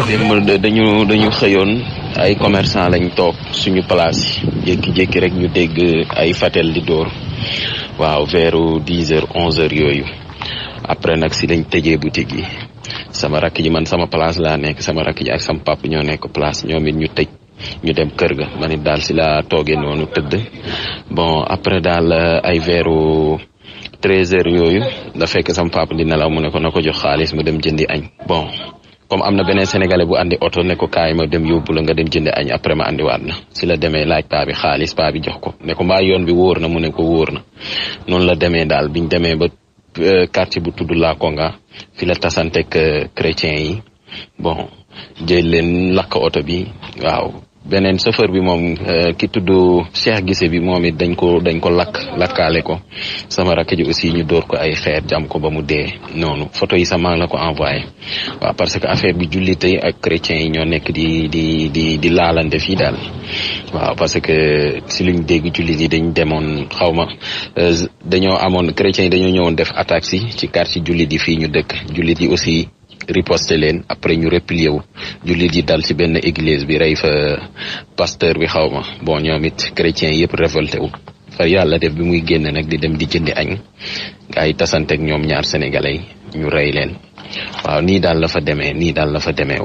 démb dañu dañu xëyoon ay commerçant lañ toog suñu place yi jékki-jékki rek ñu dégg ay fatel di dóor waaw veru dix heures yooyu après nag si lañ tëjee boutique yi sama rakk ji man sama place laa nekk sama rakk ji ak sam papa ñoo nekk place ñoom it ñu tëj ñu dem kër ga man it daal si laa toogee noonu tëdd bon après daal euh, ay vers treize yooyu da fekk sama papa di nelaw mu ne ko na ko jox xaalis mu dem jëndi añ bon comme am na beneen sénégalais bu andi oto ne ko kaay ma dem yóbbu la nga dem jënd añ après ma andi waat na si la demee laaj paa bi xaalis paa bi jox ko ne ko mbaa yoon bi wóor na mu ne ko wóor na noonu la demee daal biñ demee ba euh, quartier bu tudd nga fi la tasanteeg euh, chrétien yi bon jël leen lakk oto bi waaw beneen chauffeur bi moom euh, ki tudd Cheikh Gise bi moom it dañ ko dañ ko lakk lakkaale ko sama rakk ji aussi ñu dóor ko ay xeer jam ko ba mu dee noonu photo yi sama la ko envoyé waaw parce que affaire bi jullit yi ak chrétiens yi ñoo nekk di di di di laalante fii daal waaw parce que si luñ dégg jullit yi dañ demoon xaw ma euh, dañoo amoon chrétiens yi dañoo ñëwoon def attaque si ci quartier jullit yi fii ñu dëkk jullit yi aussi riposte leen après ñu replié wu jullit yi dal ci benn église bi rey fa pasteur bi xaw ma bon ñoom it chrétiens yëpp révolté wu far yàlla def bi muy génn nag di dem di jëndi añ gaa yi tasante ñoom ñaar sénégalais ñu rey leen waaw ni daal la fa demee nii daal la fa demee